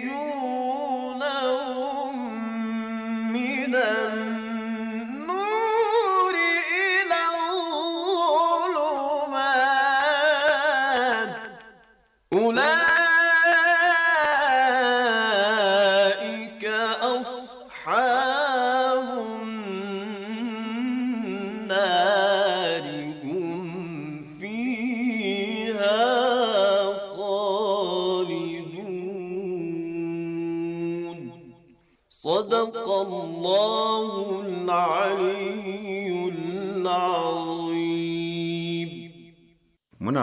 you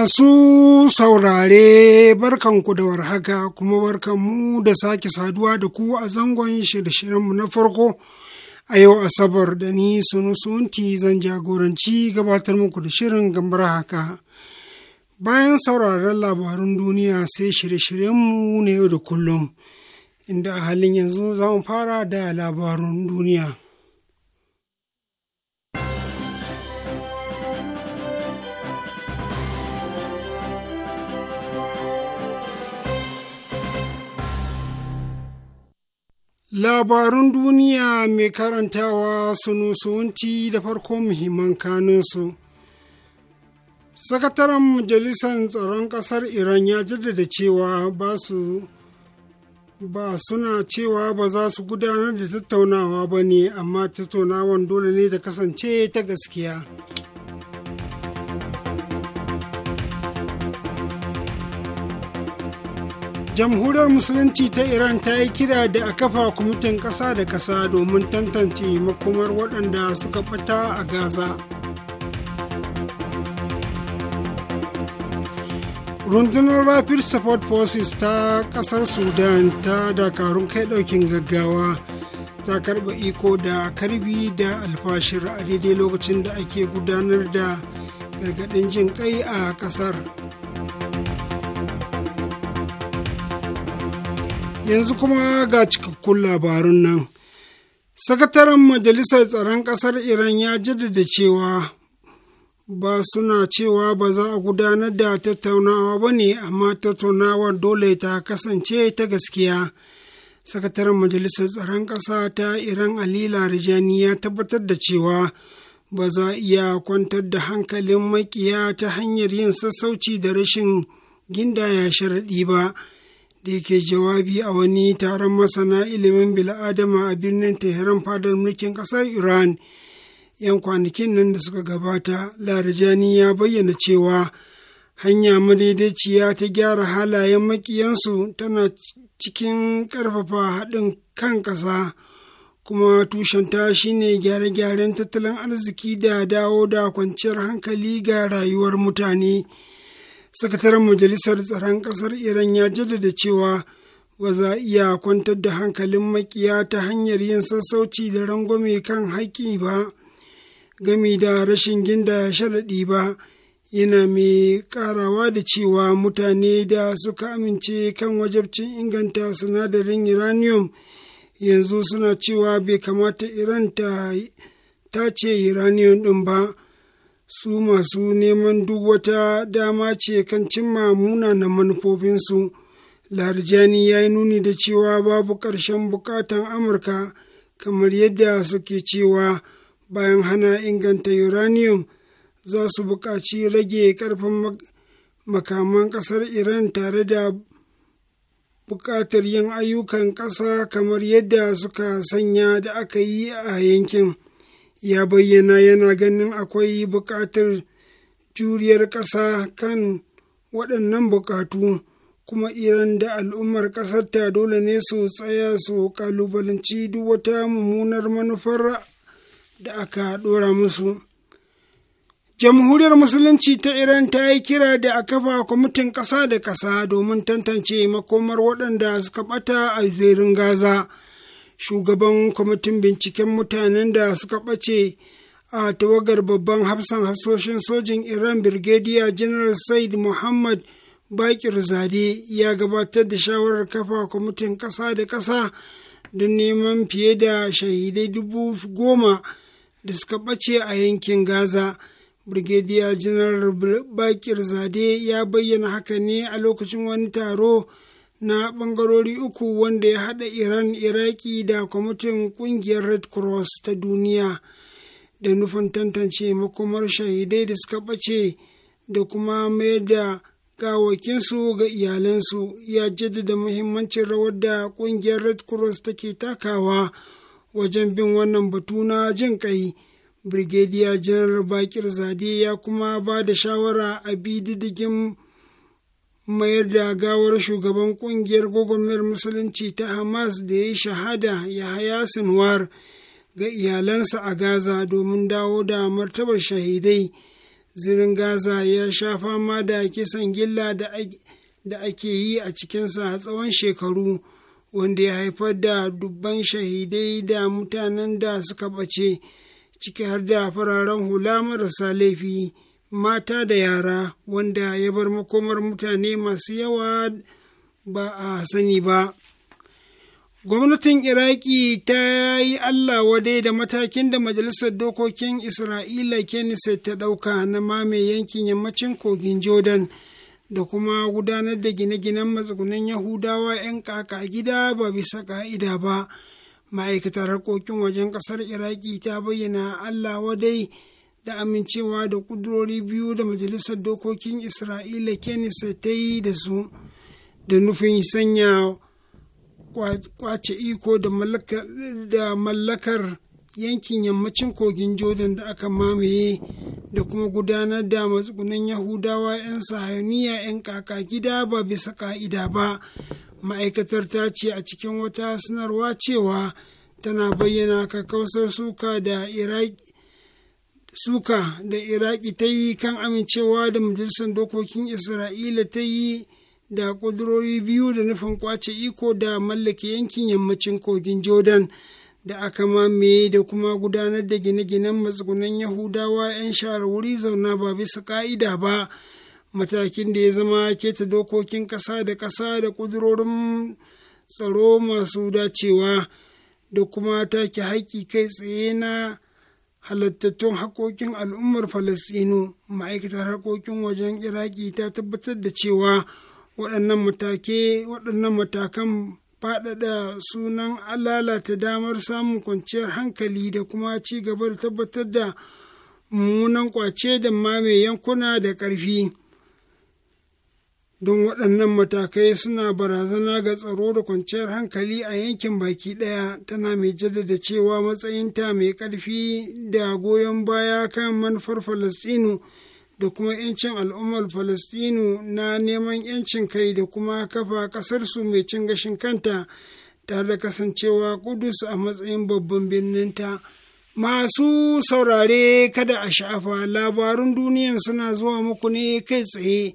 Masu saurare barkanku da warhaka kuma barkanmu da sake saduwa da ku a zangon shirye-shiryenmu na farko a yau Asabar da ni sunti zan jagoranci gabatar muku da shirin gambar haka. Bayan sauraren labarun duniya sai shirye-shiryenmu na yau da kullum, inda a halin yanzu za mu fara da labarun duniya. Labarun duniya mai karantawa sun suwanci da farko muhimman kanunsu. Sakataren Majalisar Tsaron Ƙasar Iran ya jaddada cewa ba su ba suna cewa ba za su gudanar da tattaunawa ba ne amma tattaunawan dole ne ta kasance ta gaskiya. jamhuriyar musulunci ta iran ta yi kira da a kafa kwamitin ƙasa da ƙasa domin tantance makomar waɗanda suka ɓata a gaza rundunar rapid support forces ta ƙasar sudan ta dakarun kai ɗaukin gaggawa ta karɓa iko da karbi da alfashir a daidai lokacin da ake gudanar da gargaɗin jin kai a ƙasar. yanzu kuma ga cikakkun labarun nan sakataren majalisar tsaron ƙasar iran ya jaddada cewa ba suna cewa ba za a gudanar da tattaunawa ba ne amma tattaunawar dole ta kasance ta gaskiya sakataren majalisar tsaron ƙasa ta iran ali larijani ya tabbatar da cewa ba za a iya kwantar da hankalin makiya ta hanyar yin sassauci da rashin gindaya sharaɗi ba da yake jawabi a wani taron masana ilimin bil'adama a birnin Tehran fadar mulkin ƙasar Iran. 'Yan kwanakin nan da suka gabata, Larijani ya bayyana cewa hanya madaidaiciya ta gyara halayen makiyansu tana cikin ƙarfafa haɗin kan ƙasa, kuma tushenta shine gyare-gyaren tattalin arziki da dawo da kwanciyar hankali ga rayuwar mutane. sakataren majalisar tsaron ƙasar iran ya jaddada cewa ba za iya kwantar da hankalin makiya ta hanyar yin sassauci da rangwame kan haƙƙi ba gami da rashin ginda sharaɗi ba yana mai ƙarawa da cewa mutane da suka amince kan wajabcin inganta sinadarin uranium yanzu suna cewa bai kamata iran ta ce uranium ɗin ba su masu neman duk wata dama ce kan cimma muna munanan manufofinsu larijani ya yi nuni da cewa babu ƙarshen bukatan amurka kamar yadda suke cewa bayan hana inganta uranium za su buƙaci rage ƙarfin makaman ƙasar iran tare da buƙatar yin ayyukan ƙasa kamar yadda suka sanya da aka yi a yankin. ya bayyana yana ganin akwai buƙatar juriyar ƙasa kan waɗannan buƙatu kuma iran da al'ummar ƙasarta dole ne su tsaya su ƙalubalanci duk wata mummunar manufar da aka ɗora musu jamhuriyar musulunci ta iran ta yi kira da a kafa kwamitin ƙasa da ƙasa domin tantance makomar waɗanda suka ɓata a zirin gaza shugaban kwamitin binciken mutanen da suka ɓace a tawagar babban hafsan hafsoshin sojin iran birgediya general said muhammad bakir zade ya gabatar da shawarar kafa kwamitin ƙasa da ƙasa don neman fiye da shahidai dubu goma da suka ɓace a yankin gaza Birgediya general bakir zade ya bayyana haka ne a lokacin wani taro na ɓangarori uku wanda ya haɗa iran iraki da kwamitin ƙungiyar red cross ta duniya da nufin tantance makomar shahidai da suka ɓace da kuma mayar da gawakinsu ga iyalansu ya jaddada muhimmancin rawar da ƙungiyar red cross take takawa wajen bin wannan batu na jin ƙai brigadier general bakir zade ya kuma ba da shawara a bi diddigin mayar da gawar shugaban kungiyar gwagwarmayar musulunci ta hamas da ya yi shahada ya yahaya sinwar ga iyalansa a gaza domin dawo da martabar shahidai zirin gaza ya sha fama da kisan gilla da ake yi a cikinsa tsawon shekaru wanda ya haifar da dubban shahidai da mutanen da suka bace ciki har da fararen hula marasa laifi. mata da yara wanda ya bar makomar mutane masu yawa ba a sani ba gwamnatin iraki ta yi allah wadai da matakin da majalisar dokokin isra'ila kenisa ta ɗauka na mame yankin yammacin kogin jordan da kuma gudanar da gine-ginen matsugunan yahudawa 'yan kaka gida ba bisa ka'ida ba ma'aikatar harkokin wajen ƙasar iraki ta bayyana allah wadai da amincewa da ƙudurori biyu da majalisar dokokin isra'ila kenisa ta yi da su da nufin sanya kwace iko da mallakar yankin yammacin kogin jordan da aka mamaye da kuma gudanar da matsugunan yahudawa 'yan sahaniya 'yan kaka gida ba bisa ka'ida ba ma'aikatar ta ce a cikin wata sanarwa cewa tana bayyana ka kausar suka da iraki suka da iraki ta yi kan amincewa da majalisar dokokin isra'ila ta yi da ƙudurori biyu da nufin kwace iko da mallake yankin yammacin kogin jordan da aka mamaye da kuma gudanar da gine-ginen matsugunan yahudawa 'yan shahar wuri zauna ba bisa ka'ida ba matakin da ya zama keta dokokin ƙasa da ƙasa da ƙudurorin tsaro masu dacewa da kuma take haƙƙi kai tsaye na halattattun haƙoƙin al'ummar falasɗinu ma'aikatar haƙoƙin wajen iraki ta tabbatar da cewa waɗannan matake waɗannan matakan faɗaɗa sunan lalata damar samun kwanciyar hankali da kuma ci gaba da tabbatar da mummunan kwace da mame yankuna da ƙarfi don waɗannan matakai suna barazana ga tsaro da kwanciyar hankali a yankin baki ɗaya tana mai jaddada cewa matsayinta mai ƙarfi da goyon baya kan manufar falastinu da kuma 'yancin al'ummar falastinu na neman 'yancin kai da kuma kafa ƙasarsu mai cin gashin kanta tare da kasancewa kudus a matsayin babban birninta. ta Masu saurare kada a sha'afa labarun duniyan suna zuwa muku ne kai tsaye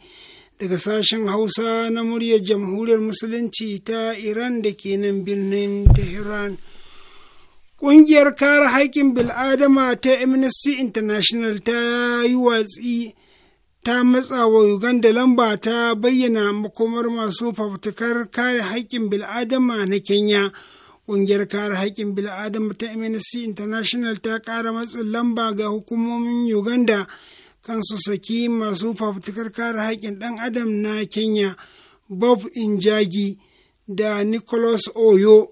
daga sashen hausa na muryar jamhuriyar musulunci ta iran da ke nan birnin tehran ƙungiyar kare haƙƙin bil'adama ta amnesty international ta yi watsi ta matsa wa uganda lamba ta bayyana makomar masu fafutukar kare haƙƙin bil'adama na kenya ƙungiyar kare haƙƙin bil'adama ta amnesty international ta ƙara matsin lamba ga hukumomin uganda kan su saki masu fafutukar kare haƙƙin ɗan adam na kenya bob injagi da nicholas oyo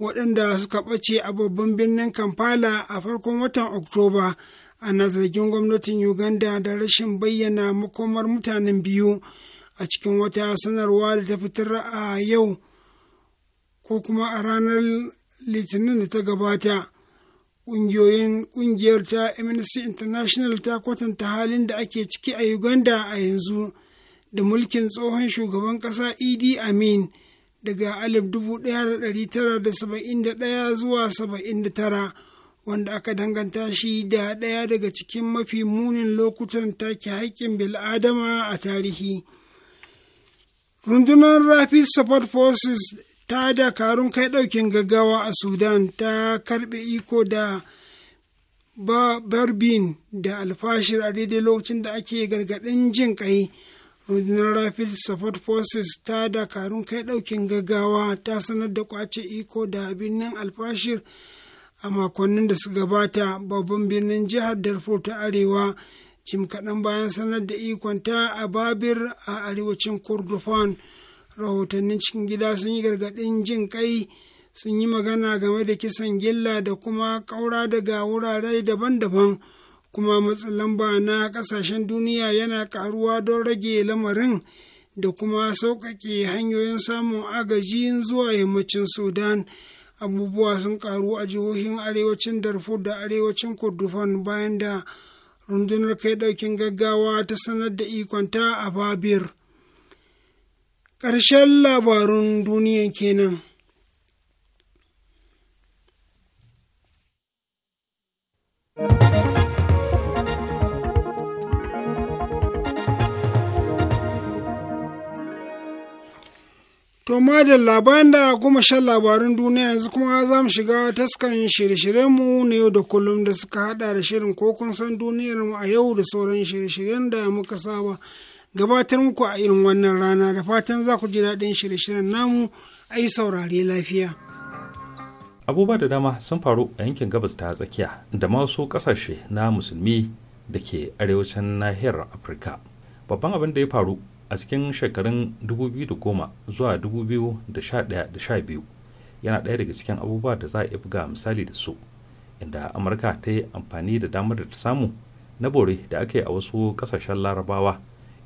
waɗanda suka ɓace a babban birnin kampala a farkon watan oktoba ana zargin gwamnatin uganda da rashin bayyana makomar mutanen biyu a cikin wata sanarwa da ta fitar a yau ko kuma a ranar litinin da ta gabata ƙungiyoyin ƙungiyar ta amnesty international ta kwatanta halin da ake ciki a uganda a yanzu da mulkin tsohon shugaban ƙasa idi amin daga 1971 zuwa 79 wanda aka danganta shi da ɗaya daga cikin mafi munin lokutan take haƙƙin bil'adama a tarihi rundunar rapid support forces ta dakarun kai ɗaukin gaggawa a sudan ta karɓe iko da barbin da alfashir a daidai lokacin da ake gargaɗin jin ƙai rundunar rapid support forces ta dakarun kai ɗaukin gaggawa ta sanar da kwace iko da birnin alfashir a makonnin da su gabata babban birnin jihar darfur ta arewa jim kaɗan bayan sanar da ikonta a babir a arewacin kordofan rahotannin cikin gida sun yi gargaɗin jin kai sun yi magana game da kisan gilla da kuma ƙaura daga wurare daban-daban kuma matsin lamba na ƙasashen duniya yana ƙaruwa don rage lamarin da kuma sauƙaƙe hanyoyin samun agaji zuwa yammacin sudan abubuwa sun ƙaru a jihohin arewacin darfur da arewacin kordofan bayan da rundunar kai ɗaukin gaggawa ta sanar da ikonta a babir. ƙarshen labarun duniya kenan. To da labarin da goma shan labarun duniya yanzu kuma za mu shiga taskan shirye-shiryenmu na yau da kullum da suka hada da shirin ko kun san duniyarmu a yau da sauran shirye-shiryen da muka saba. gabatar muku a irin wannan rana da fatan za ku ji daɗin shirye-shiryen namu a yi saurare lafiya. Abubuwa da dama sun faru a yankin gabas ta tsakiya da masu ƙasashe na musulmi da ke arewacin nahiyar Afirka. Babban abin da ya faru a cikin shekarun 2010 zuwa 2011-12 yana ɗaya daga cikin abubuwa da za a iya buga misali da su inda amurka ta yi amfani da damar da ta samu na bore da aka yi a wasu ƙasashen larabawa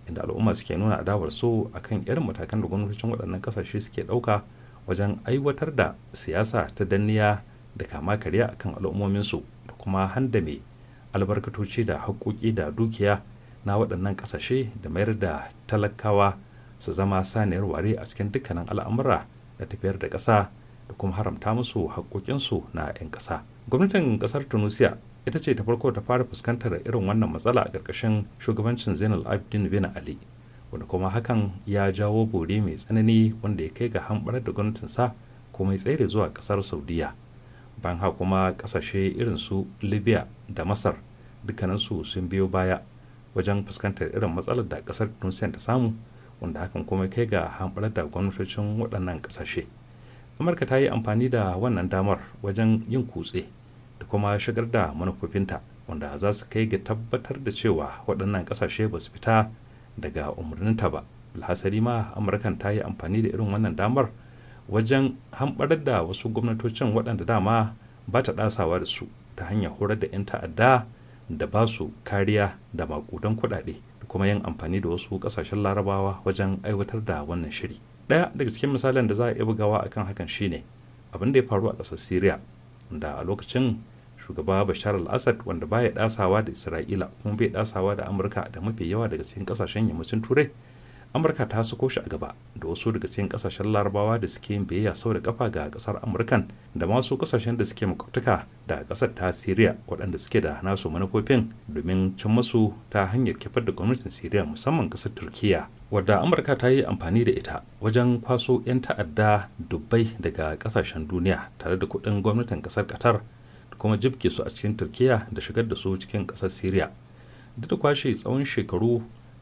inda al'umma suke nuna adawar su akan irin matakan da gwamnatocin waɗannan ƙasashe suke ɗauka wajen aiwatar da siyasa ta danniya da kama karya akan al'ummominsu da kuma handame albarkatoci da haƙoƙi da dukiya na waɗannan ƙasashe da mayar da talakawa su zama saniyar ware a cikin dukkanin al'amura da tafiyar da ƙasa da kuma haramta musu haƙoƙinsu na 'yan ƙasa gwamnatin ƙasar tunisia ita ce ta farko ta fara fuskantar irin wannan matsala a ƙarƙashin shugabancin zainal abdin bin ali wanda kuma hakan ya jawo bore mai tsanani wanda ya kai ga hamɓarar da gwamnatinsa kuma ya tsere zuwa ƙasar saudiya ban ha kuma ƙasashe irin su libya da masar dukkaninsu sun biyo baya wajen fuskantar irin matsalar da ƙasar tunisiya ta samu wanda hakan kuma ya kai ga hamɓarar da gwamnatocin waɗannan ƙasashe amurka ta yi amfani da wannan damar wajen yin kutse da kuma shigar da manufofinta wanda za su kai ga tabbatar da cewa waɗannan ƙasashe ba su fita daga umarninta ba alhasari ma amurkan ta yi amfani da irin wannan damar wajen hamɓarar da wasu gwamnatocin waɗanda dama ba ta ɗasawa da su ta hanyar horar da 'yan ta'adda da ba su kariya da makudan kuɗaɗe da kuma yin amfani da wasu ƙasashen larabawa wajen aiwatar da wannan shiri ɗaya daga cikin misalin da za a iya bugawa akan hakan shine abin da ya faru a ƙasar syria da a lokacin shugaba bashar al-assad wanda baya dasawa da isra'ila kuma bai dasawa da amurka da mafi yawa daga cikin kasashen yammacin turai amurka ta sako shi a gaba da wasu daga cikin kasashen larabawa da suke yin biyayya sau da kafa ga kasar amurkan da masu kasashen da suke makwabtaka da kasar ta syria waɗanda suke da nasu manufofin domin cin masu ta hanyar kifar da gwamnatin syria musamman kasar turkiya wadda amurka ta yi amfani da ita wajen kwaso 'yan ta'adda dubbai daga kasashen duniya tare da kuɗin gwamnatin kasar qatar da kuma jibke su a cikin turkiya da shigar da su cikin kasar syria duk da kwashe tsawon shekaru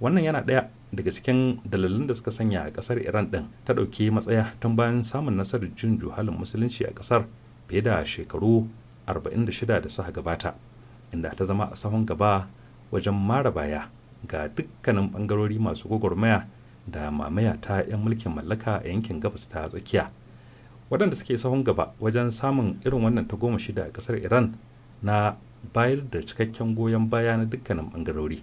wannan yana ɗaya daga cikin dalilin da suka sanya a ƙasar iran ɗin ta ɗauki matsaya tun bayan samun nasarar jin juhalin musulunci a ƙasar fiye da shekaru 46 da suka gabata inda ta zama a sahun gaba wajen mara baya ga dukkanin bangarori masu gwagwarmaya da mamaya ta 'yan mulkin mallaka a yankin gabas ta tsakiya waɗanda suke sahun gaba wajen samun irin wannan ta goma shida a ƙasar iran na bayar da cikakken goyon baya na dukkanin bangarori.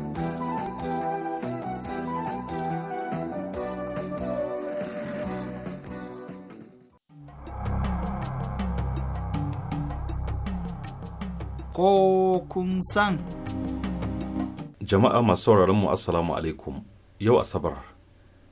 ko kun san. Jama'a masu sauraron mu Assalamu alaikum yau Asabar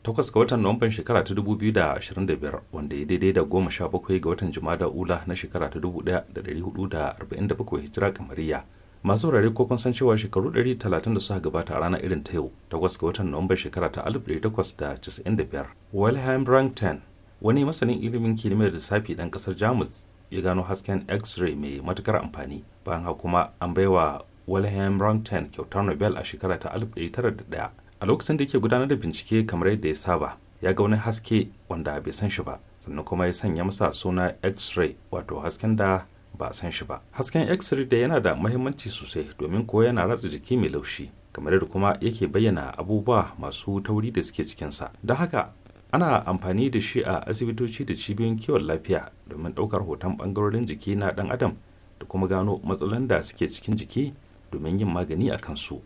takwas ga watan Nuwamban shekara ta 2025 wanda ya daidai da goma sha bakwai ga watan Jumada Ula na shekara ta 1447 hijira kamariya. Masu saurare ko kun san cewa shekaru 130 da suka gabata a ranar irin ta yau takwas ga watan Nuwamban shekara ta 1895 Wilhelm Rankin wani masanin ilimin kimiyyar safi ɗan ƙasar Jamus ya gano hasken x-ray mai matukar amfani bayan haka kuma an baiwa wilhelm röntgen kyautar nobel a shekara ta 1901 a lokacin da yake gudanar da bincike kamar yadda ya saba ya ga wani haske wanda bai san shi ba sannan kuma ya sanya masa suna x-ray wato hasken da ba a san shi ba hasken x-ray da yana da mahimmanci sosai domin ko yana ratsa jiki mai laushi kamar da kuma yake bayyana abubuwa masu tauri da suke cikinsa don haka ana amfani da shi a asibitoci da cibiyoyin kiwon lafiya domin ɗaukar hoton ɓangarorin jiki na ɗan adam da kuma gano matsalolin da suke cikin jiki domin yin magani a kansu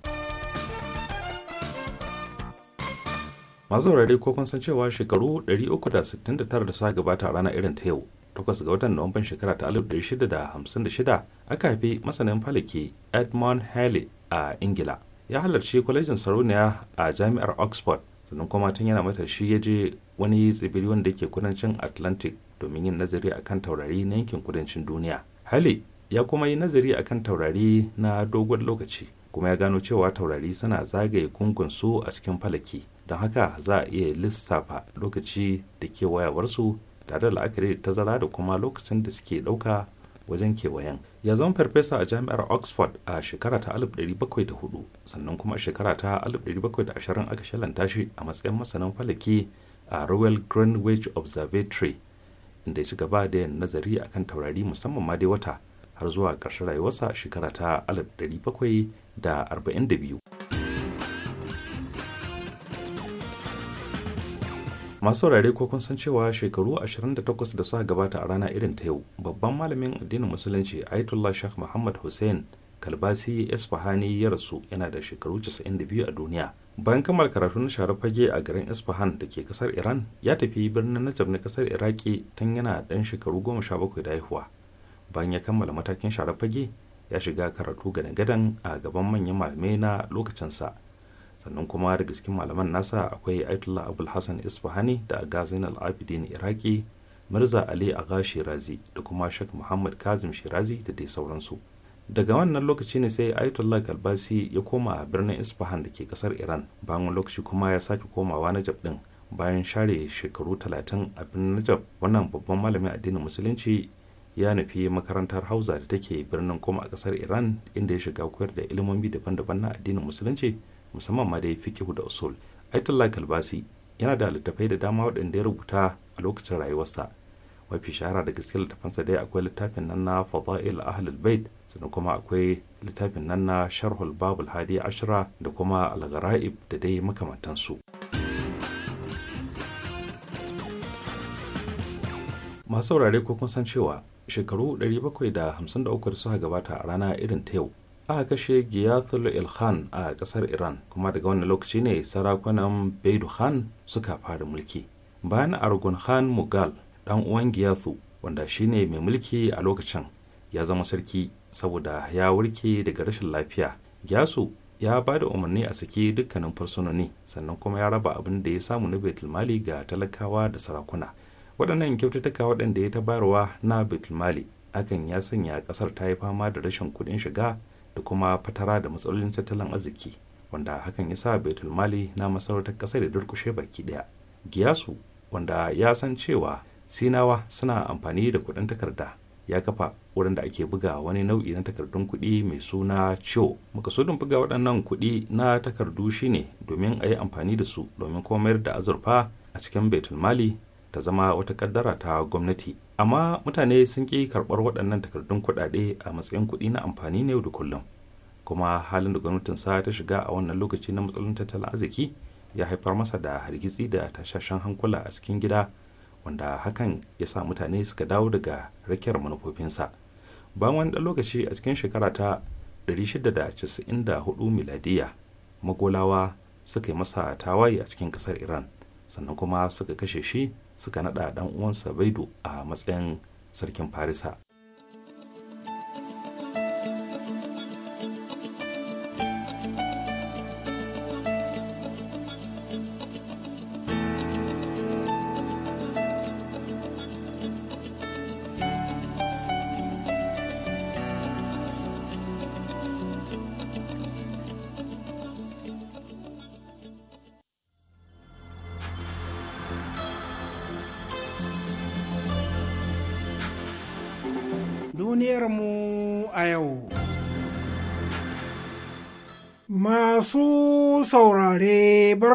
masu saurare ko kun san cewa shekaru 369 da suka gabata rana irin ta yau 8 ga watan nuwamban shekara ta 1656 aka haifi masanin falake edmund halley a ingila ya halarci kwalejin sarauniya a jami'ar oxford sannan kuma tun yana mata shi ya je wani tsibiri wanda ke kudancin atlantic domin yin nazari akan taurari na yankin kudancin duniya hali ya kuma yi nazari akan taurari na dogon lokaci kuma ya gano cewa taurari suna zagaye gungun su a cikin falaki don haka za a iya lissafa lokaci da kewayawarsu tare da la'akari da tazara da kuma lokacin da suke ɗauka wajen kewayen ya zama farfesa a jami'ar oxford a shekara ta 1704 sannan kuma a shekara ta 1720 aka shalanta shi a matsayin masanin falaki a royal greenwich observatory inda ya ci gaba da yin nazari akan taurari musamman ma dai wata har zuwa ƙarshen rayuwarsa shekara ta 1742 masu rare ko kun san cewa shekaru 28 da suka gabata a rana irin ta yau babban malamin addinin musulunci ayatollah shah muhammad hussein kalbasi isfahani ya rasu yana da shekaru 92 a duniya bayan kammala karatu na share fage a garin isfahan da ke kasar iran ya tafi birnin najab na kasar iraki tun yana dan shekaru 17 da haihuwa bayan ya kammala matakin share fage ya shiga karatu gadan-gadan a gaban manyan malamai na lokacinsa sannan kuma daga cikin malaman nasa akwai Aitullah Abul Hassan Isfahani da Gazin Al-Abidin Iraki Mirza Ali Agha Shirazi da kuma Sheikh Muhammad Kazim Shirazi da dai sauransu. Daga wannan lokaci ne sai Aitullah Kalbasi ya koma a birnin Isfahan da ke kasar Iran bayan wani lokaci kuma ya sake komawa Najaf din bayan share shekaru talatin a birnin Najaf wannan babban malamin addinin musulunci ya nufi makarantar hauza da take birnin Koma a kasar Iran inda ya shiga koyar da ilimomi daban-daban na addinin musulunci musamman ma dai fi da usul aitullah galbasi yana da littafai da dama waɗanda ya rubuta a lokacin rayuwarsa mafi shahara da gaske littafansa dai akwai littafin nan na fada'il ahlul bait sannan kuma akwai littafin nan na sharhul babul hadi ashira da kuma al da dai makamantansu masu saurare ko kun san cewa shekaru 753 da suka gabata a rana irin ta yau aka kashe giyathul ilhan a kasar iran kuma daga wannan lokaci ne sarakunan baidu khan suka fara mulki bayan argun khan mughal dan uwan giyathu wanda shine mai mulki a lokacin ya zama sarki saboda ya warke daga rashin lafiya giyasu ya ba da umarni a saki dukkanin fursunoni sannan kuma ya raba abin da ya samu na baitulmali ga talakawa da sarakuna waɗannan kyaututtuka waɗanda ya ta na baitulmali akan ya sanya ƙasar ta yi fama da rashin kuɗin shiga da kuma fatara da matsalolin tattalin arziki wanda hakan ya sa baitul mali na masarautar kasar da durkushe baki daya giyasu wanda ya san cewa sinawa suna amfani da kuɗin takarda ya kafa wurin da ake buga wani nau'i na takardun kuɗi mai suna ciwo makasudin buga waɗannan kuɗi na takardu shine domin a yi amfani da su domin komayar da azurfa a cikin baitul mali ta zama wata kaddara ta gwamnati amma mutane sun ƙi karɓar waɗannan takardun kuɗaɗe a matsayin kuɗi na amfani na yau da kullum kuma halin da gwamnatin sa ta shiga a wannan lokaci na matsalolin tattalin arziki ya haifar masa da hargitsi da tashashen hankula a cikin gida wanda hakan ya sa mutane suka dawo daga rakiyar manufofinsa bayan wani ɗan lokaci a cikin shekara ta 694 miladiya magolawa suka yi masa tawaye a cikin ƙasar iran sannan kuma suka kashe shi suka naɗa ɗan uwansa baido a matsayin sarkin farisa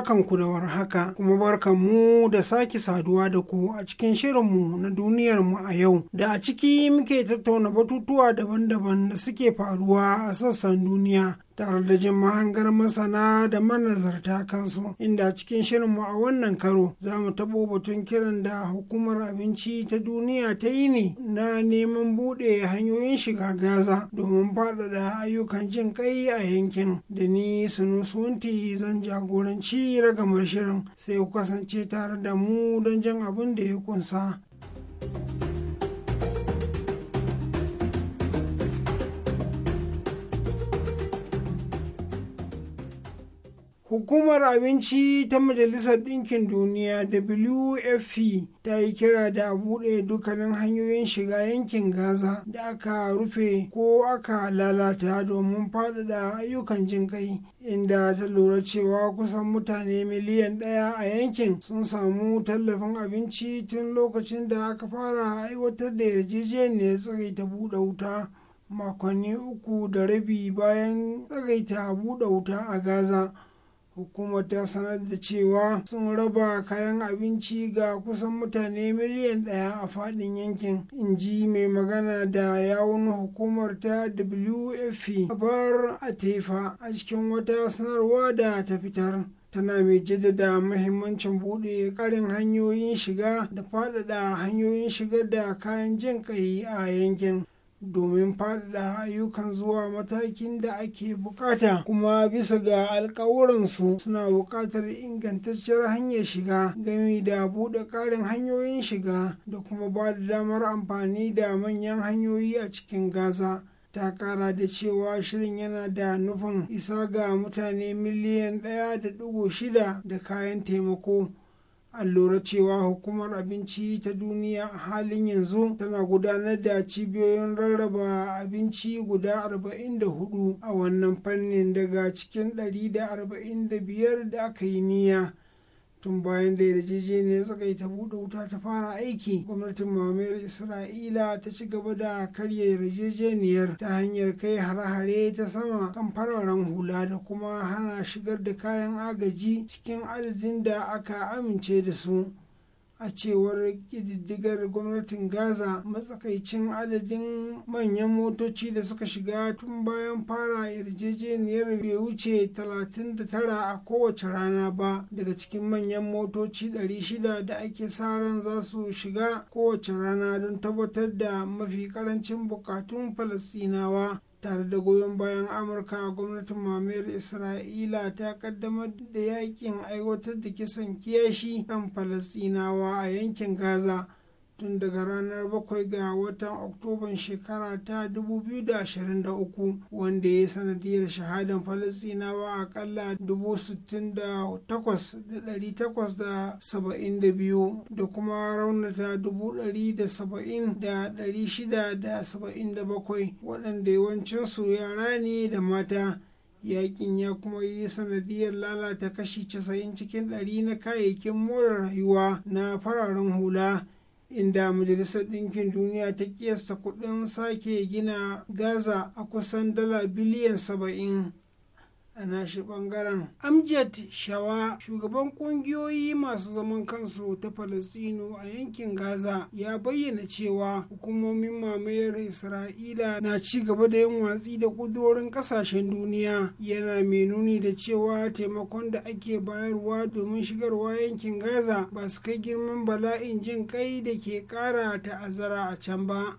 barkanku da haka kuma mu da sake saduwa da ku a cikin shirin mu na duniyarmu a yau da a ciki muke tattauna batutuwa daban-daban da suke faruwa a sassan duniya tare da jin mahangar masana da manazarta kansu inda cikin shirin mu a wannan karo za mu tabo batun kiran da hukumar abinci ta duniya ta yi ne na neman buɗe hanyoyin shiga gaza domin faɗaɗa ayyukan jin kai a yankin da ni sunusunti zan jagoranci ragamar shirin sai ku kasance tare da mu don jan abin da ya kunsa. Hukumar Abinci ta Majalisar Ɗinkin Duniya WFP ta yi kira da a buɗe dukkanin hanyoyin shiga yankin Gaza da aka rufe ko aka lalata domin faɗaɗa ayyukan jin kai inda ta lura cewa kusan mutane miliyan ɗaya a yankin sun samu tallafin abinci tun lokacin da aka fara aiwatar da yarjejeniyar ta buɗe wuta. makonni uku da rabi bayan tsagaita buɗe wuta a gaza hukumar ta sanar da cewa sun raba kayan abinci ga kusan mutane miliyan ɗaya a faɗin yankin Inji mai magana da yawun hukumar ta wfp bar a tefa a cikin wata sanarwa da ta fitar tana mai jaddada mahimmancin buɗe karin hanyoyin shiga da faɗaɗa hanyoyin shigar da kayan jin ƙai a yankin domin faɗaɗa ayyukan zuwa matakin da ake bukata kuma bisa ga alkawuransu suna buƙatar ingantacciyar hanyar shiga Gami da buɗe ƙarin hanyoyin shiga da kuma ba da damar amfani da manyan hanyoyi a cikin gaza ta kara da cewa shirin yana da nufin isa ga mutane miliyan ɗaya da dugu shida da kayan taimako an lura cewa hukumar abinci ta duniya a halin yanzu tana gudanar da cibiyoyin rarraba abinci guda 44 a wannan fannin daga cikin 145 da aka yi niyya tun bayan da yarjejeniyar tsakai ta buɗe wuta ta fara aiki gwamnatin mamayar isra'ila ta ci gaba da karya yarjejeniyar ta hanyar kai hare-hare ta sama kan fararen hula da kuma hana shigar da kayan agaji cikin adadin da aka amince da su a cewar ƙididdigar gwamnatin gaza matsakaicin adadin manyan motoci da suka shiga tun bayan fara yarjejeniyar bai wuce 39 a kowace rana ba daga cikin manyan motoci 600 da ake sa ran za su shiga kowace rana don tabbatar da mafi karancin bukatun falasinawa tare da goyon bayan amurka gwamnatin mamayar isra'ila ta kaddamar da yakin aiwatar da kisan kiyashi kan falasinawa a yankin gaza tun daga ranar 7 ga watan oktoban shekara ta 2023 wanda ya sanadiyar shahadan falasinawa akalla 68,872 da kuma raunata 170,677 waɗanda yawancinsu yara ne da mata yakin ya kuma yi sanadiyar lalata kashi 90 cikin 100 na kayayyakin more rayuwa na fararen hula inda majalisar ɗinkin duniya ta kiyasta kuɗin sake gina gaza a kusan dala biliyan saba'in a nashi bangaren amjad shawa shugaban kungiyoyi masu zaman kansu ta palestino a yankin gaza ya bayyana cewa hukumomin mamayar isra'ila na ci gaba da yin watsi da kudurorin kasashen duniya yana mai nuni da cewa taimakon da ake bayarwa domin shigarwa yankin gaza ba su kai girman bala'in jin kai da ke kara ta'azzara a can ba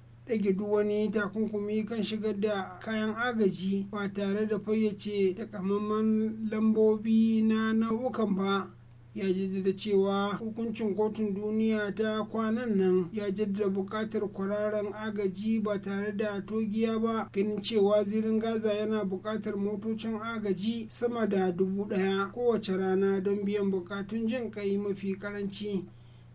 ɗage duk wani takunkumi kan shigar da kayan agaji ba tare da fayyace takamaiman lambobi na nau'ukan ba ya jaddada cewa hukuncin kotun duniya ta kwanan nan ya jaddada buƙatar kwararren agaji ba tare da togiya ba ganin cewa zirin gaza yana buƙatar motocin agaji sama da dubu ɗaya kowace rana don biyan buƙatun jin ƙai mafi ƙaranci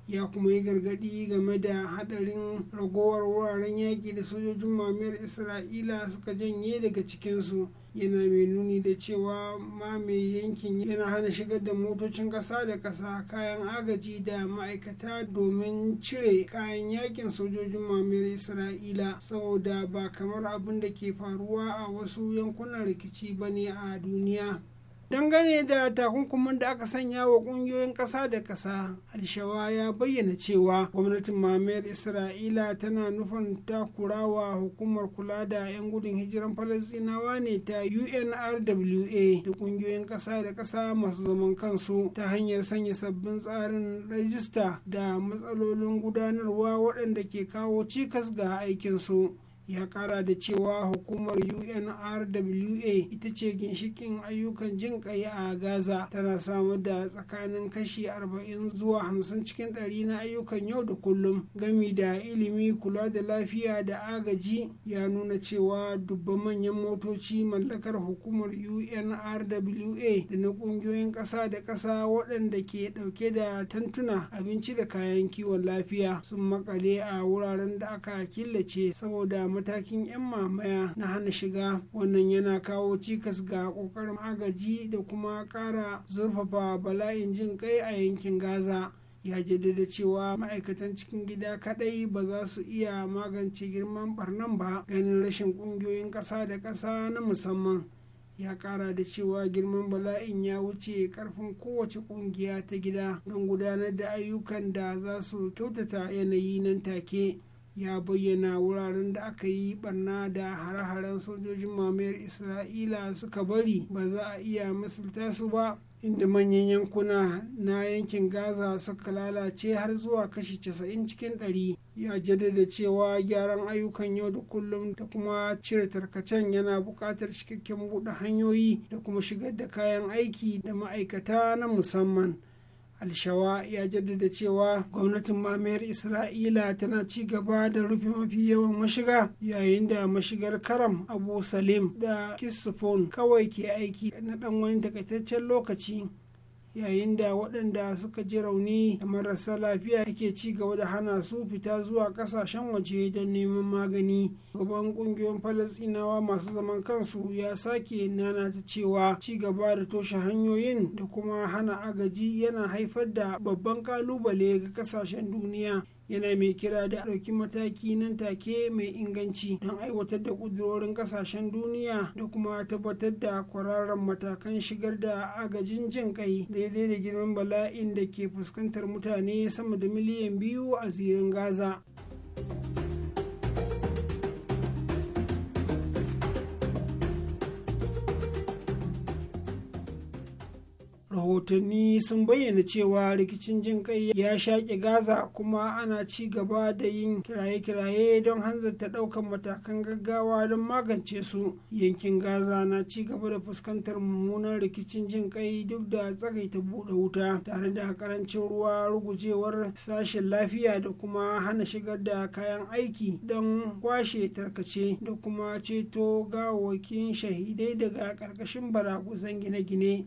ya kuma yi gargadi game da haɗarin ragowar wuraren yaƙi da sojojin mamiyar isra'ila suka janye daga cikinsu yana mai nuni da cewa ma mai yankin yana hana shigar da motocin ƙasa da ƙasa kayan agaji da ma'aikata domin cire kayan yakin sojojin mamiyar isra'ila saboda ba kamar abin da ke faruwa a wasu yankunan rikici bane a duniya dangane da takunkumin da aka sanya wa kungiyoyin kasa da kasa alshawa ya bayyana cewa gwamnatin mamayar isra'ila tana nufin takurawa hukumar kula da 'yan gudun hijiran falasinawa ne ta unrwa da kungiyoyin kasa da kasa masu zaman kansu ta hanyar sanya sabbin tsarin rajista da matsalolin gudanarwa waɗanda ke kawo cikas ga aikinsu ya kara da cewa hukumar unrwa ita ce ginshikin ayyukan jin kai a gaza tana samar da tsakanin kashi 40 zuwa 50 cikin ɗari na ayyukan yau da kullum gami da ilimi kula da lafiya da agaji ya nuna cewa dubban manyan motoci mallakar hukumar unrwa da na ƙungiyoyin ƙasa da ƙasa waɗanda ke ɗauke da tantuna abinci da kayan kiwon lafiya sun makale a wuraren da aka killace saboda matakin 'yan mamaya na hana shiga wannan yana kawo cikas ga ƙoƙarin agaji da kuma ƙara zurfafa bala'in jin kai a yankin gaza ya jaddada cewa ma'aikatan cikin gida kadai ba za su iya magance girman barnan ba ganin rashin ƙungiyoyin ƙasa da ƙasa na musamman ya kara da cewa girman bala'in ya wuce karfin kowace kungiya ta gida don gudanar da ayyukan da za su kyautata yanayi nan take ya bayyana wuraren da aka yi barna da hare-haren sojojin mamayar isra'ila suka bari ba za a iya misalta su ba inda manyan yankuna na yankin gaza suka lalace har zuwa kashi 90 cikin 100 ya jaddada cewa gyaran ayyukan yau da kullum da kuma cire tarkacen yana buƙatar cikakken buɗe hanyoyi da kuma shigar da kayan aiki da ma'aikata na musamman alshawa ya jaddada cewa gwamnatin mamayar isra'ila tana ci gaba da rufe mafi yawan mashiga yayin da mashigar karam abu salim da kisifon kawai ke aiki na dan wani takaitaccen lokaci yayin da waɗanda suka ji rauni da marasa lafiya yake ci gaba da hana su fita zuwa ƙasashen waje don neman magani gaban ƙungiyoyin falasɗinawa masu zaman kansu ya sake nana ta cewa ci gaba da toshe hanyoyin da kuma hana agaji yana haifar da babban ƙalubale ga ƙasashen duniya yana mai kira da ɗauki mataki nan take mai inganci don aiwatar da ƙudurorin ƙasashen duniya da kuma tabbatar da kwararren matakan shigar da agajin jin kai daidai da girman bala'in da ke fuskantar mutane sama da miliyan biyu a zirin gaza. rahotanni sun bayyana cewa rikicin jin kai ya shaƙe gaza kuma ana ci gaba da yin kiraye-kiraye don hanzarta ɗaukar matakan gaggawa don magance su yankin gaza na ci gaba da fuskantar mummunan rikicin jin kai duk da tsagaita buɗe wuta tare da karancin ruwa rugujewar sashen lafiya da kuma hana shigar da kayan aiki don kwashe tarkace da kuma ceto gawawwakin shahidai daga ƙarƙashin baraguzan gine-gine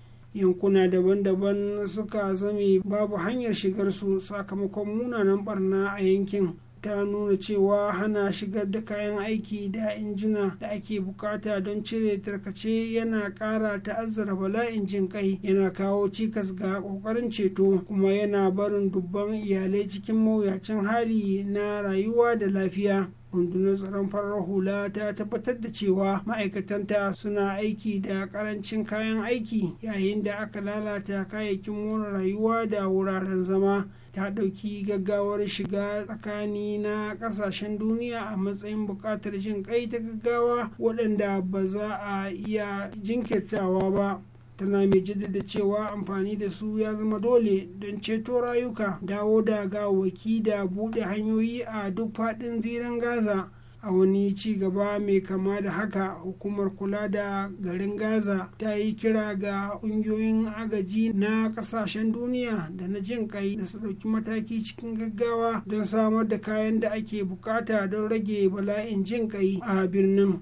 yankuna daban-daban suka zame babu hanyar shigarsu sakamakon munanan barna a yankin ta nuna cewa hana shigar da kayan aiki da injina da ake bukata don cire tarkace yana kara ta'azzara bala'in jin kai yana kawo cikas ga kokarin ceto kuma yana barin dubban iyalai cikin mawuyacin hali na rayuwa da lafiya rundunar tsaron farar hula ta tabbatar da cewa ma'aikatanta suna aiki da karancin kayan aiki yayin da aka lalata kayayyakin more rayuwa da wuraren zama ta ɗauki gaggawar shiga tsakani na ƙasashen duniya a matsayin buƙatar jin ƙai ta gaggawa waɗanda ba za a iya jinkirtawa ba tana mai jaddada cewa amfani da su ya zama dole don ceto rayuka dawo da gawaki da buɗe hanyoyi a duk faɗin zirin gaza a wani ci gaba mai kama da haka hukumar kula da garin gaza ta yi kira ga ƙungiyoyin agaji na ƙasashen duniya da na jin kai da su ɗauki mataki cikin gaggawa don samar da kayan da ake bukata don rage bala'in jin kai a birnin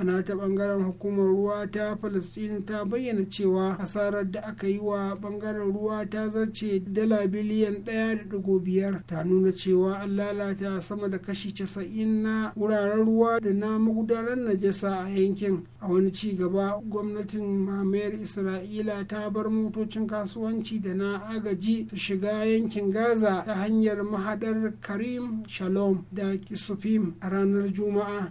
a ta bangaren hukumar ruwa ta palestine ta bayyana cewa hasarar da aka yi wa bangaren ruwa ta zarce dala biliyan ɗaya da digo biyar ta nuna cewa an lalata sama da kashi casa'in na wuraren ruwa da na magudanar najasa a yankin a wani ci gaba gwamnatin mamayar isra'ila ta bar motocin kasuwanci da na agaji su shiga yankin gaza ta hanyar mahadar karim shalom da kisufim a ranar juma'a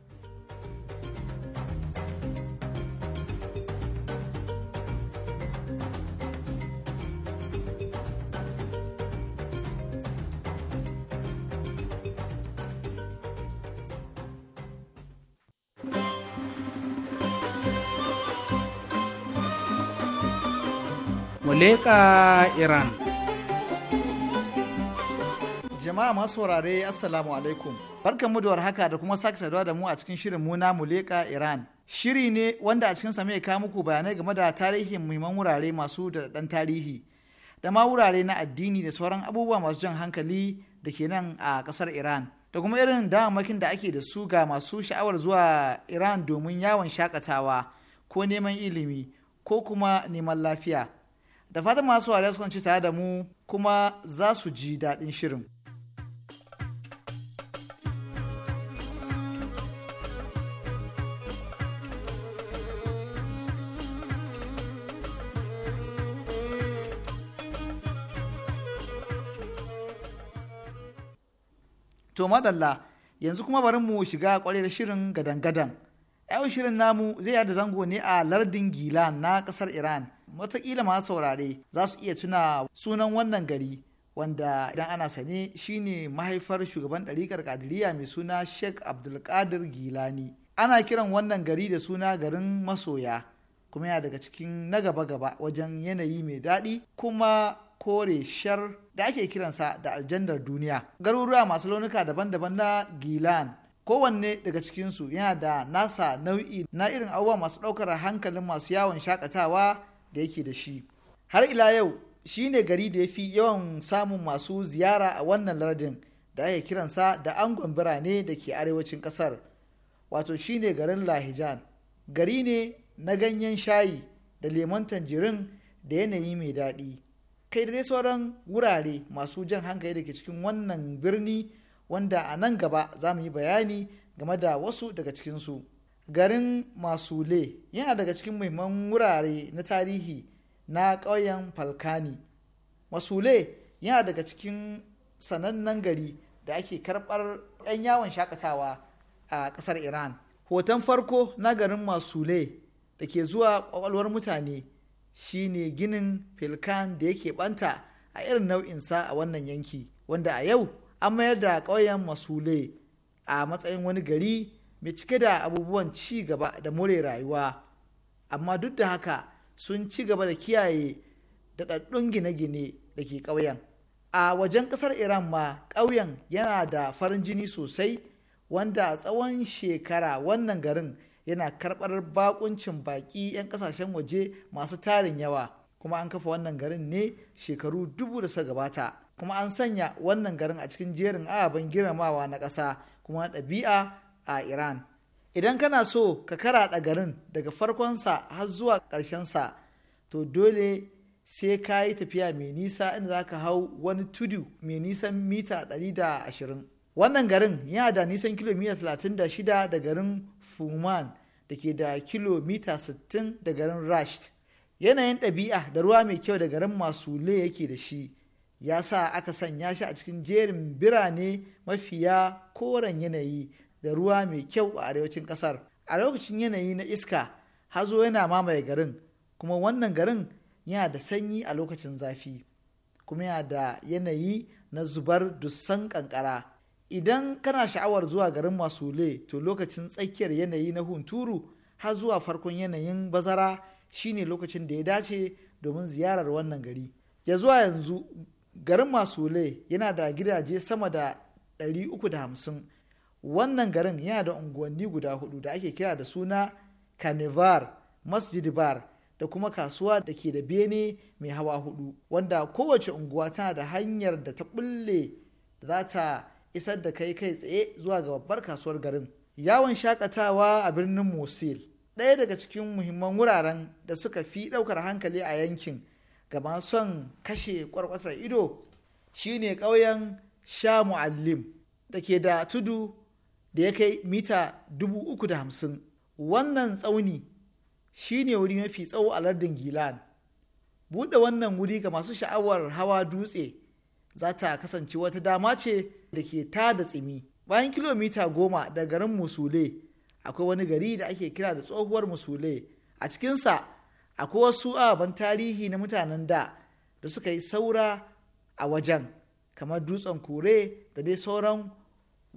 leƙa iran jama'a masu saurare assalamu alaikum mu da haka da kuma sake saduwa da mu a cikin shirin muna leƙa iran shiri ne wanda a cikin mai kawo muku bayanai game da tarihin muhimman wurare masu da dan tarihi da ma wurare na addini da sauran abubuwa masu jan hankali da ke nan a kasar iran da kuma irin damammakin da ake da su ga masu sha'awar zuwa iran domin yawon shakatawa ko neman ilimi ko kuma neman lafiya da fatan masu wariya sukan ci tare da mu kuma za su ji daɗin shirin. To madalla yanzu kuma bari mu shiga kwarar shirin gadan-gadan. yau shirin namu zai yada zango ne a lardin gilan na kasar iran watakila masu saurare za su iya tuna sunan wannan gari wanda idan ana sane shine mahaifar shugaban ɗarikar kadiriya mai suna sheikh abdulkadir gilani ana kiran wannan gari da suna garin masoya kuma yana daga cikin na gaba-gaba wajen yanayi mai daɗi kuma kore shar da ake kiransa da aljandar duniya garuruwa masu launuka daban-daban na gilan kowanne daga cikinsu yana da nasa nau'i na irin abubuwa masu ɗaukar hankalin masu yawon shakatawa da yake da shi har ila yau shi ne gari da ya fi yawan samun masu ziyara a wannan lardin da ake kiransa da angon birane da ke arewacin ƙasar wato shi ne garin lahijan gari ne na ganyen shayi da lemon tanjirin da yanayi mai daɗi kai da dai sauran wurare masu jan hankali da ke cikin wannan birni wanda a nan gaba za mu yi bayani game da wasu daga cikinsu garin masule yana daga cikin muhimman wurare na tarihi na ƙauyen falkani masule yana daga cikin sanannen gari da ake karɓar 'yan yawon shakatawa a ƙasar iran hoton farko na garin masule da ke zuwa ƙwaƙwalwar mutane shine ginin filkan da yake ɓanta a irin nau'insa a wannan yanki wanda a yau an mayar da ƙauyen masule a matsayin wani gari mai cike da abubuwan ci gaba da more rayuwa amma duk da haka sun ci gaba da kiyaye daɗaɗɗun gine-gine da ke ƙauyen a wajen ƙasar iran ma ƙauyen yana da farin jini sosai wanda a tsawon shekara wannan garin yana karɓar bakuncin baƙi 'yan ƙasashen waje masu tarin yawa kuma an kafa wannan garin ne shekaru dubu da sa gabata kuma an sanya wannan garin a cikin jerin ababen girmamawa na ƙasa kuma ɗabi'a a iran idan kana so ka karaɗa garin daga farkonsa har zuwa ƙarshensa to dole sai ka yi tafiya mai nisa inda za ka hau wani tudu mai nisan mita 120 wannan garin yana da nisan kilomita 36 da garin fuman da ke da kilomita 60 da garin rasht yanayin ɗabi'a da ruwa mai kyau da garin masule yake da shi ya sa aka sanya shi a cikin jerin birane mafiya koren yanayi da ruwa mai kyau a arewacin kasar a lokacin yanayi na iska hazo yana mamaye garin kuma wannan garin yana da sanyi a lokacin zafi kuma yana da yanayi na zubar dusan kankara idan kana sha'awar zuwa garin masule to lokacin tsakiyar yanayi na hunturu har zuwa farkon yanayin bazara shine lokacin da ya dace domin ziyarar wannan gari ya zuwa yanzu garin masule yana da gidaje sama da 350 wannan garin yana da unguwanni guda hudu da ake kira da suna carnivar masjid bar da kuma kasuwa da ke da bene mai hawa hudu wanda kowace unguwa tana da hanyar da ta bulle za ta isar da kai kai tsaye zuwa ga babbar kasuwar garin yawon shakatawa a birnin mosul ɗaya daga cikin muhimman wuraren da suka fi ɗaukar hankali a yankin Gama son kashe kwarkwatar ido shine ƙauyen sha mu'allim da ke da tudu da ya kai mita dubu uku da hamsin wannan tsauni shine wuri mafi tsawo a lardin gilan buɗe wannan wuri ga masu sha'awar hawa dutse za ta kasance wata dama ce da ke ta da tsimi bayan kilomita goma da garin musule akwai wani gari da ake kira da tsohuwar musule a cikinsa akwai wasu ababen tarihi na mutanen da da suka yi saura a wajen kamar dutsen kore da dai sauran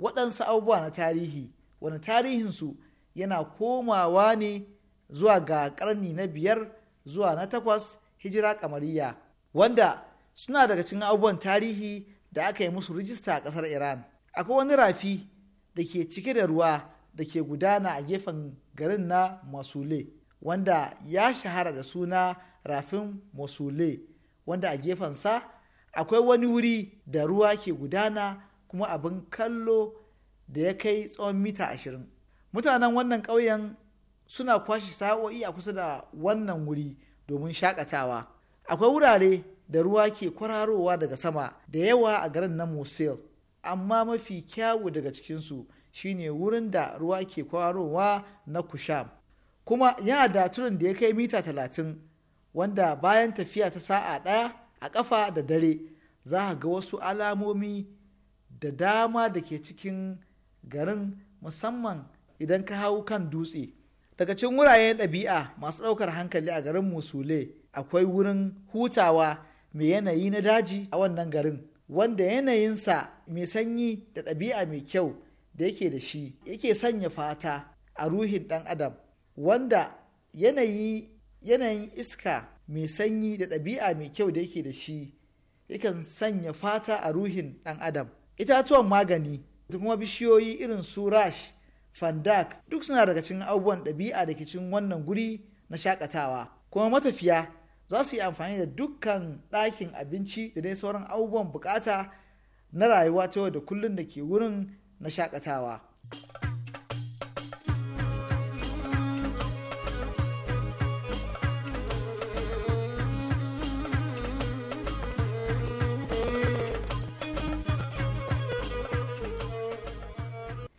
waɗansu abubuwa na tarihi wani tarihinsu yana komawa ne zuwa ga ƙarni na biyar zuwa na takwas hijira kamariya wanda suna daga cikin abubuwan tarihi da aka yi musu rijista a ƙasar iran akwai wani rafi da ke cike da ruwa da ke gudana a gefen garin na masule wanda ya shahara da suna rafin mosule wanda a gefensa akwai wani wuri da ruwa ke gudana kuma abin kallo da ya kai tsawon mita ashirin mutanen wannan ƙauyen suna kwashe sa'o'i a kusa da wannan wuri domin shakatawa akwai wurare da ruwa ke kwararowa daga sama da yawa a garin na mosul amma mafi kyawu daga cikinsu shine wurin da ruwa ke kwararowa na kusham kuma yana da da ya kai mita talatin wanda bayan tafiya ta sa'a ɗaya a ƙafa da dare za a ga wasu alamomi da dama da ke cikin garin musamman idan ka hau kan dutse daga cikin wuraren ɗabi'a masu ɗaukar hankali a garin musule akwai wurin hutawa mai yanayi na daji a wannan garin wanda yanayinsa mai sanyi da ɗabi'a mai kyau da yake da shi yake sanya fata a ruhin ɗan adam wanda yanayi yanayin iska mai sanyi da ɗabi'a mai kyau da yake da shi yakan sanya fata a ruhin ɗan adam itatuwan magani da kuma bishiyoyi irin su rash fandak duk suna daga cikin abubuwan ɗabi'a da ke cikin wannan guri na shakatawa kuma matafiya za su yi amfani da dukkan ɗakin abinci da dai sauran abubuwan bukata na rayuwa ta yau da kullum da ke wurin na shakatawa.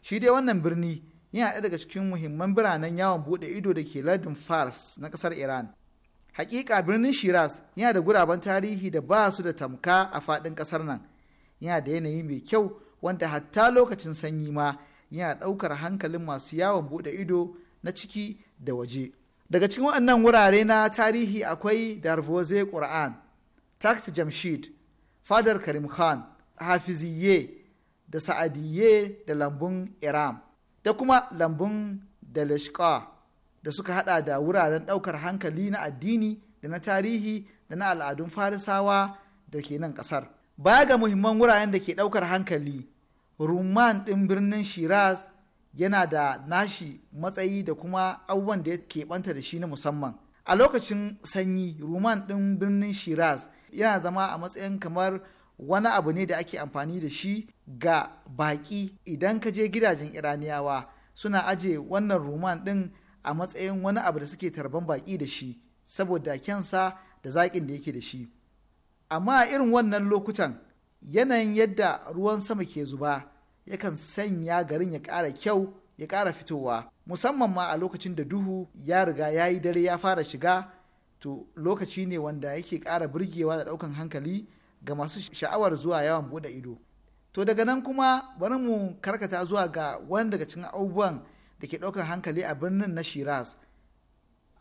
shi dai wannan birni yana ɗaya daga cikin muhimman biranen yawon buɗe ido da ke lardin fars na ƙasar iran hakika birnin shiraz yana da guraben tarihi da ba su da tamka a faɗin ƙasar nan yana da yanayi mai kyau wanda hatta lokacin sanyi ma yana ɗaukar hankalin masu yawon buɗe ido na ciki da waje daga cikin waɗannan wurare na tarihi akwai darvoze ƙur'an takta jamshid fadar karim khan hafiziyye da sa'adiyye da lambun iram da kuma lambun dalashqa da suka hada da wuraren daukar hankali na addini da na tarihi da na al'adun farisawa da ke nan kasar baya ga muhimman wuraren da ke daukar hankali rumman din birnin shiraz yana da nashi matsayi da kuma abubuwan da ya keɓanta da shi na musamman a lokacin sanyi rumman din birnin shiraz yana zama a matsayin kamar wani abu ne da ake amfani da shi ga baƙi idan ka je gidajen iraniyawa suna aje wannan roman ɗin a matsayin wani abu da suke tarban baƙi da shi saboda kyansa da zaƙin da yake da shi amma a irin wannan lokutan yanayin yadda ruwan sama ke zuba yakan sanya garin ya ƙara kyau ya ƙara fitowa musamman ma a lokacin da duhu ya riga ya yi dare ya fara shiga to lokaci ne wanda yake ƙara burgewa da ɗaukan hankali ga masu sha'awar zuwa yawon bude ido to daga nan kuma bari mu karkata zuwa ga wani daga cikin abubuwan da ke ɗaukar hankali a birnin na shiraz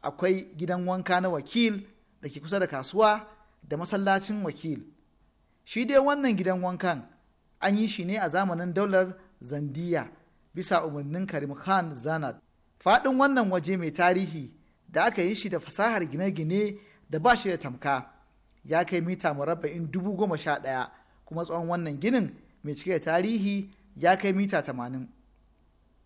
akwai gidan wanka na wakil da ke kusa da kasuwa da masallacin wakil shi dai wannan gidan wankan an yi shi ne a zamanin daular zandiya bisa umarnin karim khan zanat faɗin wannan waje mai tarihi da aka yi shi da fasahar gine-gine da ba shi da tamka ya kai mita murabba'in dubu goma sha ɗaya kuma tsawon wannan ginin mai cike da tarihi ya kai mita tamanin.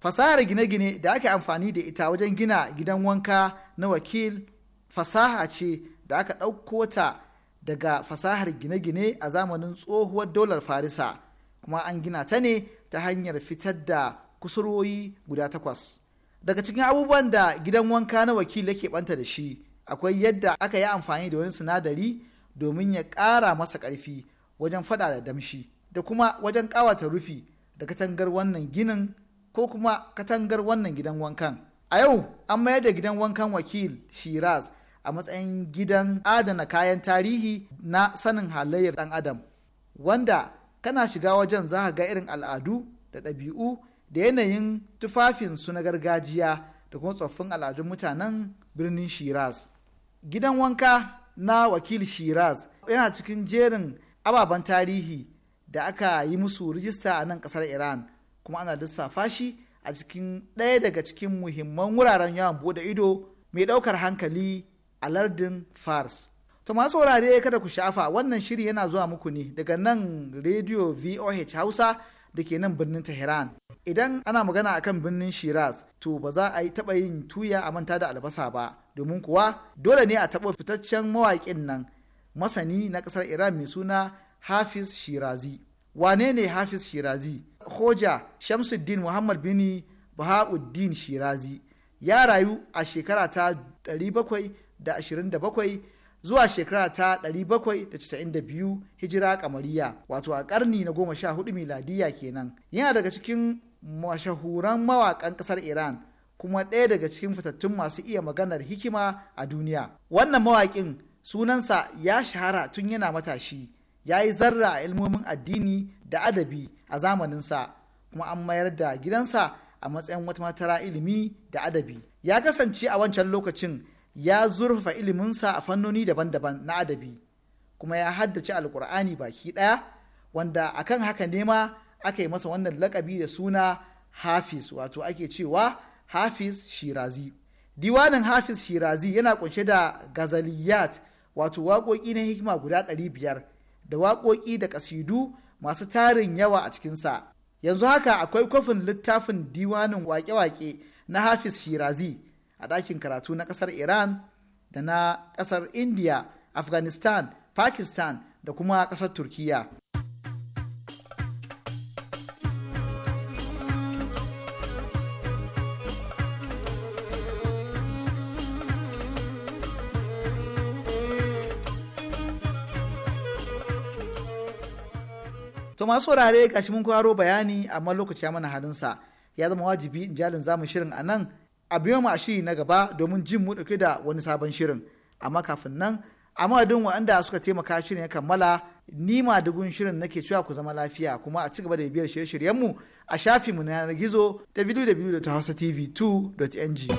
Fasahar gine-gine da aka amfani da ita wajen gina gidan wanka na wakil fasaha ce da aka ɗauko ta daga fasahar gine-gine a zamanin tsohuwar dolar Farisa kuma an gina ta ne ta hanyar fitar da kusurwoyi guda takwas. Daga cikin abubuwan da gidan wanka na wakil yake ɓanta da shi akwai yadda aka yi amfani da wani sinadari domin ya ƙara masa ƙarfi wajen faɗa da damshi da kuma wajen ƙawata rufi da katangar wannan ginin ko kuma katangar wannan gidan wankan. A yau an mayar da gidan wankan wakil Shiraz a matsayin gidan adana kayan tarihi na sanin halayyar ɗan adam wanda kana shiga wajen za ga irin al'adu da ɗabi'u da yanayin tufafinsu na gargajiya da kuma tsoffin al'adun mutanen birnin Shiraz. Gidan wanka na wakil shiraz yana cikin jerin ababen tarihi da aka yi musu rijista a nan kasar iran kuma ana lissafa shi a cikin ɗaya daga cikin muhimman wuraren yawon bude ido mai ɗaukar hankali a lardin fars to masu saurare kada ku shafa wannan shiri yana zuwa muku ne daga nan rediyo voh hausa da ke nan birnin tehran idan ana magana akan birnin shiraz to ba za a yi taɓa yin tuya a manta da albasa ba domin kuwa dole ne a taɓa fitaccen mawaƙin nan masani na ƙasar iran mai suna hafiz shirazi wane ne hafiz shirazi hoja shamsuddin muhammad bini bahauddin shirazi ya rayu a shekara ta 727 zuwa shekara ta 792 hijira kamariya wato a karni na 14 miladiya kenan yana daga cikin mashahuran mawaƙan ƙasar iran kuma ɗaya daga cikin fitattun masu iya maganar hikima a duniya wannan mawaƙin sunansa ya shahara tun yana matashi ya yi zarra a ilmomin addini da adabi a zamaninsa kuma an mayar da gidansa a matsayin wata matara ilimi da adabi ya kasance a wancan lokacin ya zurfafa iliminsa a fannoni daban-daban na adabi kuma ya haddace alkur'ani baki ɗaya wanda akan haka nema aka yi masa wannan lakabi da suna hafiz wato ake cewa hafiz shirazi diwanin hafiz shirazi yana kunshe da gazaliyat wato waƙoƙi na hikima guda ɗari biyar da waƙoƙi da ƙasidu masu tarin yawa a cikinsa yanzu haka akwai kwafin littafin diwanin waƙe-waƙe na hafiz shirazi a ɗakin karatu na ƙasar iran da na ƙasar india afghanistan pakistan da kuma ƙasar turkiyya. masu saurare gashi mun kwaro bayani amma lokaci ya mana sa ya zama wajibi in jalin zamu shirin a nan a biyo mu a shiri na gaba domin jin mu dauke da wani sabon shirin amma kafin nan a madadin waɗanda suka taimaka shirin ya kammala ni ma dugun shirin nake cewa ku zama lafiya kuma a cigaba da biyar shirye-shiryenmu a shafinmu na yanar gizo www.hausatv2.ng.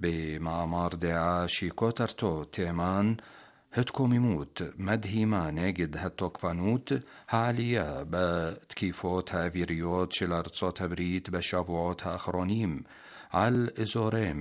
به معمار داعشی کوترتو تيمان هتكو ميموت مدهيما نجد هتوكفانوت هاليا بتكيفوت هافيريوت شلارتسوت هبريت بشافوت هاخرونيم على إزوريم